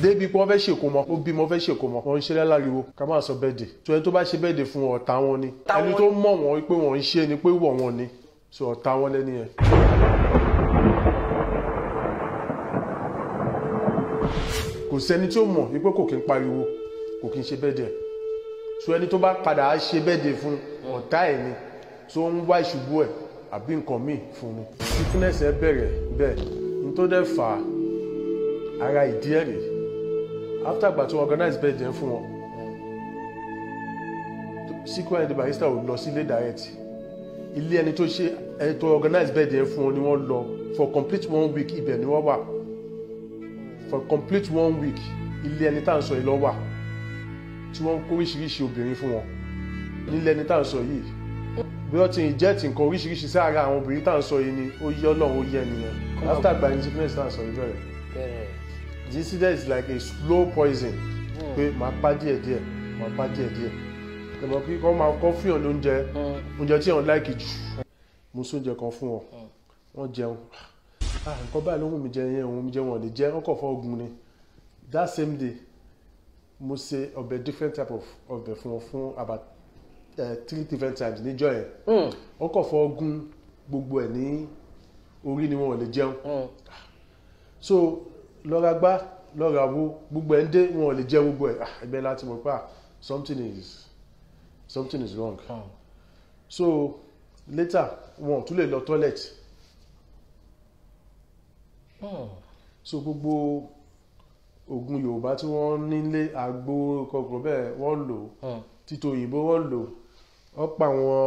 débi pé wọ́n fẹ́ ṣèkó mọ́ ó bímọ fẹ́ ṣèkó mọ́ wọ́n ń ṣe láláriwo ká máa sọ bẹ́ẹ̀dì tó ẹni tó bá ṣe bẹ́ẹ̀dì fún ọ̀tá wọn ni ẹni tó mọ̀ wọ́n pé wọ́n ń ṣe ni pé wọ̀ wọ́n ni so ọ̀tá wọn lẹ́ni yẹn. kò sẹ́ni tó mọ̀ wípé kò kí ń pariwo kò kí ń ṣe bẹ́ẹ̀dì ẹ̀ ẹni tó bá padà á ṣe bẹ́ẹ̀dì fún ọ̀tá ẹ̀ ni tó ń wá ìṣubú ẹ̀ àbí nǹkan míì fún un. fitness ẹ bẹ̀rẹ̀ bẹ́ẹ̀ n tó dẹ̀ fà á ara ìdí ẹ̀ rèé after ìgbà tí organize bẹ́ẹ̀ jẹ́ fún wọn Sequel and the Barrister ò lọ sílé direct ilé ẹni tó ṣe ẹni tó organize bẹ́ẹ̀ jẹ́ fún wọn ni wọ́n lọ for complete one week ibẹ̀ ni wọ́n wà for complete one week ilé ẹni tá à ń sọ yìí lọ wà tí wọ́n ń kó oríṣiríṣi obìnrin fún wọn nílé ẹni tá à ń sọ yìí bí wọ́n ti ń jẹ́ tí nǹkan oríṣiríṣi sára àwọn obìnrin tá à ń sọ yìí ni ó yẹ ọlọ́run ó yẹ nìyẹn after gba independence tá à ń sọ yìí bẹ̀rẹ̀ jisida is like a slow poison hmm. pé màá pa díẹ̀ díẹ̀ màá pa díẹ̀ díẹ̀ tẹmọ kí kọ́ máa kọ́ fún yàn lóúnjẹ hmm. oúnjẹ tí yàn láìkì jù mo sóúnjẹ kan fún ọ hmm. wọ́n jẹun ah, nǹkan báyìí ló wù mí jẹ yẹn òun mi jẹ wọn lè jẹ wọ́n kàn fọ́ ogun ni that same day mo ṣe ọbẹ̀ different type of ọbẹ̀ fún ọ fún about eh, three different times níjọ́ yẹn wọ́n kàn fọ́ ogun gbogbo ẹ̀ ní orí ni wọn ò lè jẹun so lọ́ra gbá lọ́ra wo gbogbo ẹ̀ ń dé wọn ò lè jẹ́ gbogbo ẹ̀ ah, ẹgbẹ́ láti mọ̀ pa ah, something is something is wrong oh. so later wọn ò tún lè lọ toilet oh. so gbogbo oògùn Yorùbá tí wọ́n nílé àgbo kọkùnrin bẹ́ẹ̀ wọ́n lò hmm. títò òyìnbó wọ́n lò ọ̀pọ̀ àwọn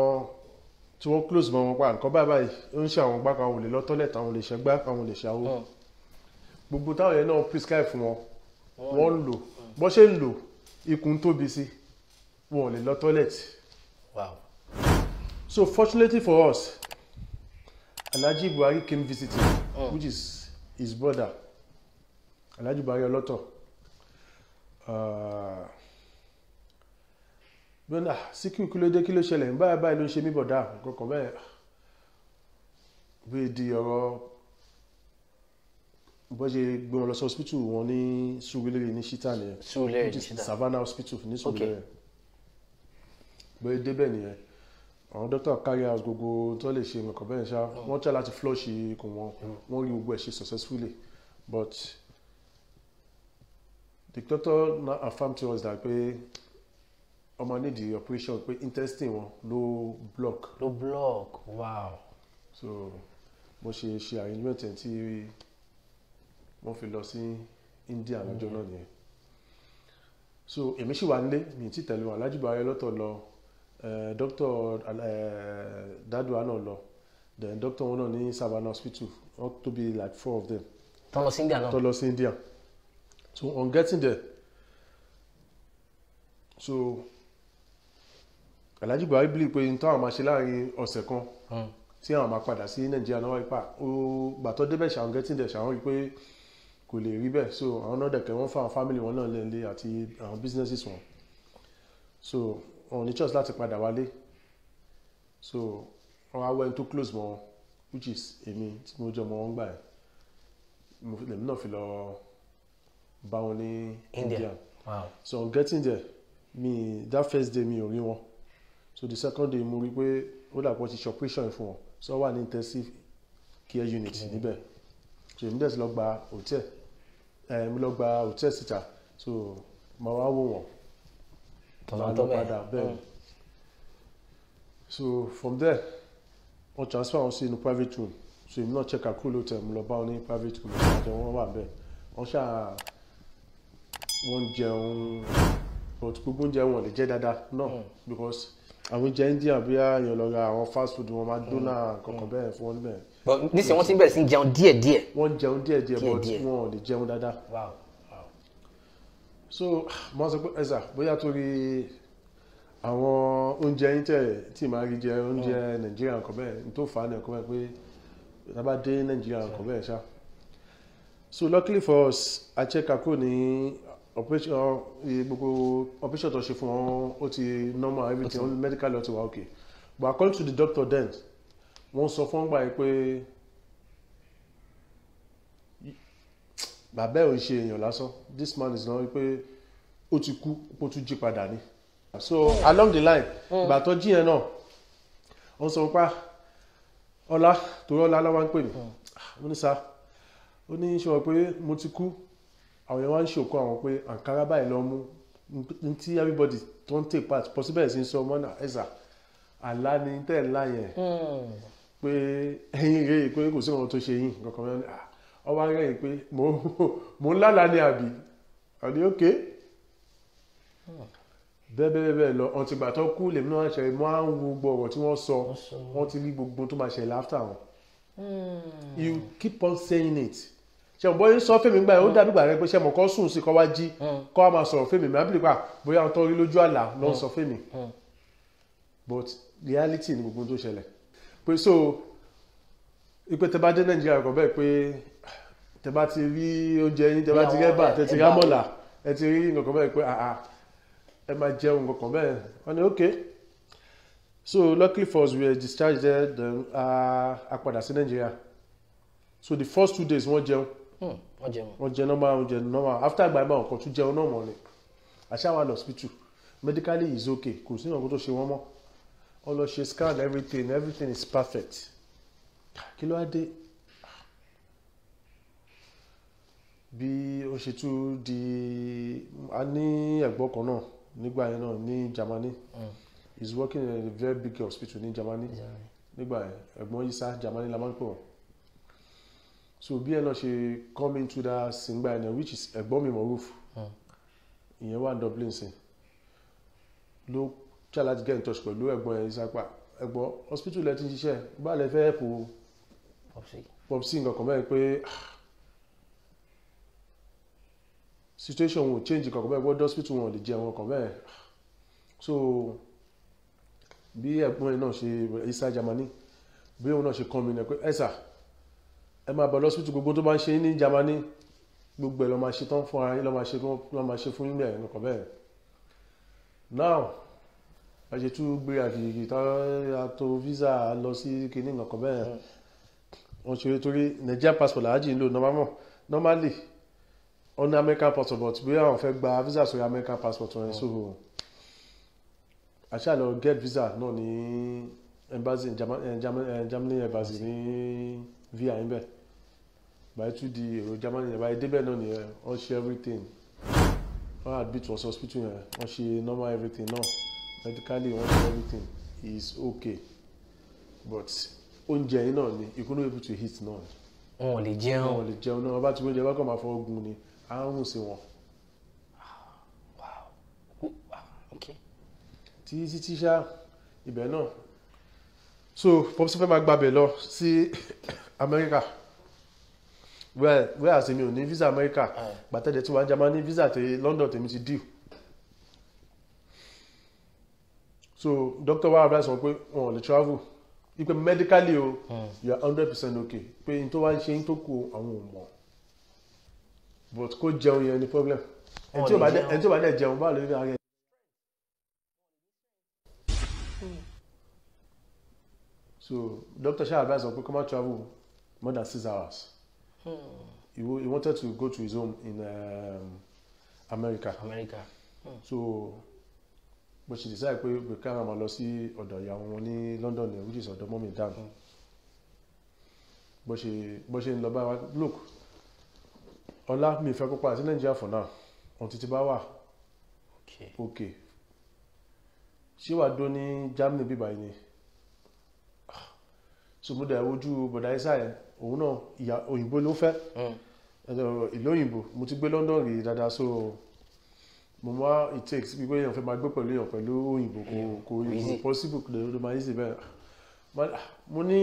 tí wọ́n close mọ́ wọn pa nǹkan báyìí ó ń ṣe àwọn gbá kan àwọn ò lè lọ toilet àwọn ò lè ṣẹ́gbá àwọn ò lè ṣàwó gbogbo táwọn náà prescribe fún wọn wọ́n ń lò bó ṣe ń lò ikùn tóbi sí wọn lè lọ toilet. wow. so fortunately for us Alhaji Buhari came visiting oh. which is his brother Alhaji Buhari ọlọ́tọ̀ gbọ́dọ̀ síkú kí ló dé kí ló ṣẹlẹ̀ báyìí báyìí ló ń ṣe mí bọ̀dá kankan bẹ́ẹ̀ bí di ọ̀rọ̀ bó ṣe gbé wọn lọ sí hospital wọn ní Surulere ní Shita nìyẹn Surulere ní Shita Savannah hospital ní Surulere bóyá débẹ̀ nìyẹn àwọn Doctor carry out gbogbo tó lè ṣe nǹkan bẹ́ẹ̀ ṣá wọ́n try láti flush ikùn wọn wọ́n rí gbogbo ẹ̀ ṣe successfully but the doctor now affirm to us that pé ọmọ need the operation pé intestine wọn ló block. ló block wow. so mo ṣe ṣe arrangement tí wọ́n fi lọ sí India mm-hmm. lọ́jọ́ náà nìyẹn so èmi sì wà nílé mi ti tẹ̀lé wọn alájùbọ̀ ayé lọ́tọ̀ lọ eh, dókítà eh, dádùá náà lọ then dókítà wọn náà ní Savannah hospital to be like four of them tó lọ sí India náà tó lọ sí India so on getting there so Alhaji Buhari bíi pé n tó àwọn máa ṣe láàrin ọ̀sẹ̀ kan mm. tí àwọn máa padà sí Nàìjíríà náà wáyé pa ó gbàtọ́ débẹ̀ ṣàwọn getting there ṣàwọn rí pé kò lè rí bẹ́ẹ̀ so àwọn náà dẹ̀kẹ́ wọ́n fa àwọn family wọn náà lé nílé àti àwọn businesses wọn so wọn ò ní choice láti padà wálé so wọn á wẹ́n tó close mọ́ which is èmi tí mo jọ mọ́ wọn gbà ẹ̀ mo fi lèmi náà fi lọ bá wọn ní India wow. so on getting there mi that first day mi ò rí wọn so the second day mo rí pé ó dàpọ̀ ti ṣe operation fún wọn so wà ní intensive care unit mm-hmm. níbẹ̀ so èmi dẹ̀ ti lọ gba hotel Eh, mo lọ gba hòtẹ́ẹ̀lì síta so màá wá wò wọ́n màá lọ padà bẹ́ẹ̀ so from there wọ́n transfer wọn sí inú private room so èmi náà check àkúrò lóòótọ́ mo lọ bá wọn ní private room àjọ wọn wà bẹ́ẹ̀ wọ́n ṣáà wọ́n jẹun but gbogbo oúnjẹ wọn lè jẹ dáadáa náà hmm. because àwọn oúnjẹ India bí i àyànlọ́ra àwọn fast food wọn máa dóná hmm. kankan hmm. bẹ́ẹ̀ fún wọn bẹ́ẹ̀ but nísìnyí one thing bẹ̀rẹ̀ sí jẹun díẹ̀ díẹ̀. wọ́n jẹun díẹ̀ díẹ̀ but wọn ò lè jẹun dáadáa. wow wow. so mo sọ pé ẹ̀sà bóyá torí àwọn oúnjẹ yín tẹ̀ tí màá rí jẹ oúnjẹ mm. nàìjíríà nǹkan bẹ́ẹ̀ n tó fà á ní ẹ̀kọ́ bẹ́ẹ̀ pé tábà dé nàìjíríà nǹkan bẹ́ẹ̀ ṣá. so luckily for us acheka kò ní operation uh, gbogbo operation tó ṣe fún wọn ó ti normal everything medical health wa okay but according to the doctor then wọ́n sọ fún gbà yìí pé bàbá ò ṣe èèyàn lásán this man is not pé ó ti kú kó tún jí padà ni so along the line hmm. ìgbà tó jí yẹn náà wọ́n sọ pa ah, ọlá torí ọlá aláwa ń pè mí hmm. ah, ó ní sá ó ní sọ pé mo ti kú àwọn yẹn wá ń ṣòkó àwọn pé àǹkárá báyìí lọ mú tí everybody tó take part possible ẹ̀ sí ń sọ mọ́nà ẹ̀sà àlá ni tẹ́ ẹ̀ ńlá yẹn. Hmm pé ẹ̀yin rèé pé kò sí àwọn tó ṣe yín kankan mẹ́rin ah, ọ wá rẹ̀ pé mò ń lálàá ní àbí àbí òkè bẹ́ẹ̀bẹ́ẹ̀bẹ́ lọ ọ̀n ti tó kú lèmi náà ṣe mọ́ àwọn gbogbo ọ̀rọ̀ tí wọ́n sọ wọ́n ti rí gbogbo tó máa ṣẹlẹ̀ after wọn. Hmm. you keep on saying it ṣe ọ̀bọ yín sọ fèmí gbà yẹn ó dàbí gbà rẹ pé ṣe mọ̀ kọ́ sùn sí kọ́ wá jí hmm. kọ́ máa sọ̀rọ̀ fèmí mi àbílẹ̀ pa ah, bóyá ọ̀tọ́ rí lójú àlá ló hmm. sọ fèmí but reality ni gbogbo tó ṣẹlẹ̀ pé so ipe tẹ bá dé nàìjíríà kọ bẹ́ẹ̀ pé tẹ bá ti rí oúnjẹ yín tẹ bá ti rẹ́bà tẹ ti rámọ̀là ẹ ti rí nǹkan bẹ́ẹ̀ pé àà ah, ah, ẹ máa jẹun nǹkan bẹ́ẹ̀ wọ́n ní ok so luckily for us we were discharged there then ah, a padà sí nàìjíríà so the first two days wọ́n jẹun hmm, wọ́n jẹun wọ́n jẹun normal wọ́n jẹun normal after àgbà ìmọ̀ ọ̀kan tún jẹun náà mọ̀ ni àṣà wà lọ́sibítù medically is okay kò sí nǹkan tó ṣe wọ́n mọ́ ó lọ ṣe scan everything everything is perfect kí ló wá dé bí ó ṣe tún di a ní ẹ̀gbọ́n kan náà nígbà yẹn náà ní Germany mm. he is working in a very big hospital ní Germany nígbà yẹn ẹ̀gbọ́n yìí sá Germany la máa ń pè so bí ẹ náà ṣe come into that singba ẹ̀nà which is ẹ̀gbọ́n mi roof mm. ìyẹn wà Dublin sí ló try láti get in touch pẹ̀lú ẹ̀gbọ́n ẹ̀ ìsapá ẹ̀gbọ́n hospital lẹ ti ń ṣiṣẹ́ bá lẹ fẹ́ ẹ̀pù popsi nǹkan kan mẹ́rin pé ah, situation wọn ò change kankan mẹ́rin gbọ́dọ̀ hospital wọn ò lè jẹ wọn kan mẹ́rin so bí ẹ̀gbọ́n ẹ̀ náà ṣe isa Germany bí òun náà ṣe kàn mí ni pé ẹ̀sà ẹ máa bọ̀ lọ́sítù gbogbo tó bá ń ṣe ní Germany gbogbo ẹ̀ lọ́ máa ṣe tán fún ara yín lọ́ máa ṣe fún yín bẹ́ẹ̀ nǹkan bẹ́ẹ̀ now a ṣe tún gbéra kìkì tó visa lọ sí kinní nǹkan bẹ́ẹ̀ wọ́n ṣe torí Nigeria passport làájì ń lò normal normally ó ní American passport but bí àwọn fẹ́ gba visa sórí American passport wọn so àṣà lọ get visa náà ní embassy eh, eh, Germany embassy ní via ń bẹ̀ báyìí tún di èrò Germany yẹn báyìí débẹ̀ náà nìyẹn wọ́n ṣe everything wọ́n admit wọ́n sọ hospital yẹn wọ́n ṣe normal everything náà. No medically once everything is okay but oúnjẹ yìí náà ni you couldn't able to eat none. wọn ò lè jẹun wọn ò lè jẹun náà wọn bá ti oúnjẹ bá kàn máa fọwọ́ gun ni àrùn sí wọn. tí títí ṣá ibẹ̀ náà so popsi fẹ́ máa gbabẹ̀ lọ sí Amẹ́ríkà wẹ́ẹ̀ wẹ́ẹ̀ àsèmi ò ní visa America, gbàtẹ́jẹ́ tí wàá jẹ́ máa ní visa ti London tèmi ti deal so doctor wa advice wọn pé wọn ò lè travel ipe medically o hmm. you are hundred percent okay pé n tó wá ń ṣe ń tó kù àwọn ò mọ̀ but kó jẹun yẹn ni problem ẹni tí ò bá dẹ̀ jẹun báwo ló ní ara hmm. so doctor shah advice wọn pé come out travel more than six hours hmm. he, he wanted to go to his home in um, America America hmm. so mo sì decide pé pé káwọn máa lọ sí ọ̀dọ̀ ìyàwó wọn ní London which is ọ̀dọ̀ mọ́mí dam bó ṣe bó ṣe ń lọ bá wa look ọlá mi ìfẹ́ kópa àti Nàìjíríà for now ohun títí bá wà ok ṣé wàá dó ní Germany bíbá yìí ni so mo dẹ̀ ojú bọ̀dá isa yẹn òun náà òyìnbó ló fẹ́ hmm. ìlú òyìnbó mo ti gbé London rí dáadáa so. Okay mo wá it takes wípé èèyàn fẹ́ máa gbé pẹ̀lú èèyàn pẹ̀lú òyìnbó kò kò ìbò possible kò lè máa yí sí bẹ́ẹ̀ ah, mo ní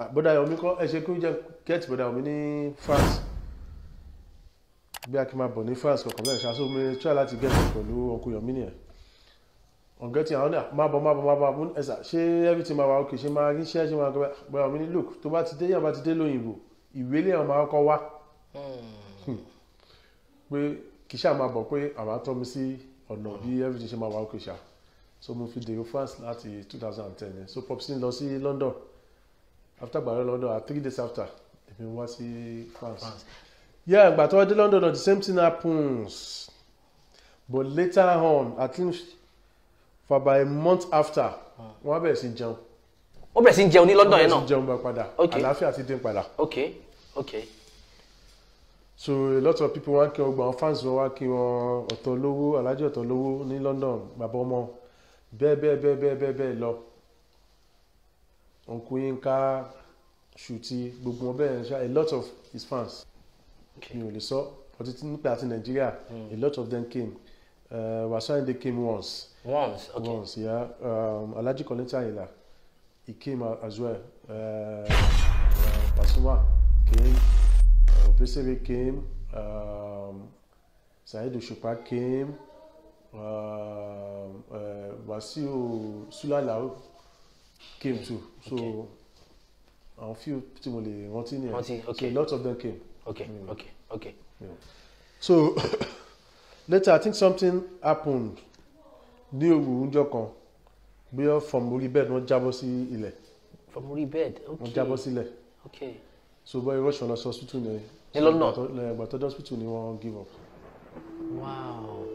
ah, bọ́dà yomi kọ́ ẹ ṣe kí ó jẹ́ get bọ́dà yomi ní France bí a kì máa bọ̀ ní France kọ̀ọ̀kan bẹ́ẹ̀ ṣáṣọ́ mi try láti get pẹ̀lú ọkọ̀ yomi nìyẹn ọ̀gẹ́tì àwọn náà ah, máa bọ̀ máa bọ̀ máa bọ̀ mú ẹ̀sà ṣé everything máa wà ok ṣé máa rí iṣẹ́ ṣé máa gbẹ bọ́dà yomi ní look tó bá ti dé yàrá bá ti dé lóyìnbó ìwé lè kì í ṣáà máa bọ̀ pé àwa tọ́ mi sí ọ̀nà bí everything ṣe máa wà ókè ṣá so mo fi dèrò France láti two thousand and ten so popsin lọ sí London after gbàrẹ́ London at three days after èmi wá sí France yeah ìgbà tó wá dé London the same thing happens but later on at least for about a month after ah. wọ́n á bẹ̀rẹ̀ sí jẹun. ó bẹ̀rẹ̀ sí jẹun ní London yẹn náà ó bẹ̀rẹ̀ sí jẹun padà àlàáfíà ti dín padà. okay okay. okay so a lot of people wá kí wọn gbọ́n fans wọn wá kí wọn ọ̀tọ̀ lówó alájọ ọ̀tọ̀ lówó ní London bàbá ọmọ bẹ́ẹ̀ bẹ́ẹ̀ bẹ́ẹ̀ bẹ́ẹ̀ bẹ́ẹ̀ bẹ́ẹ̀ lọ ònkú Yínká Ṣùtì gbogbo wọn bẹ́ẹ̀ a lot of his fans mi ò lè sọ ọtí nípa àti Nàìjíríà hmm. a lot of them came uh, they came once once okay once yeah um, Alhaji Kollington Ayinla he came as well uh, uh, Pasuma came. Vesebe came, um, Saheed Òṣùpá came, ehm, uh, eh, uh, Wasiu Sulalau came too. So a few people, mo lè Okay, ni so a lot of them came. Okay, mm. okay, okay. Yeah. So later I think something happened ní òru ọjọ́ kan bí wọ́n from orí not Jabosi. jábọ́ from orí bed okay wọ́n jábọ́ sílẹ̀. okay so bọ́ọ̀ irọ́ ṣọlá sọ sútù nìyẹn ní london. lẹ́yìn ìgbà tó dọ́sítù ni wọ́n give up. wow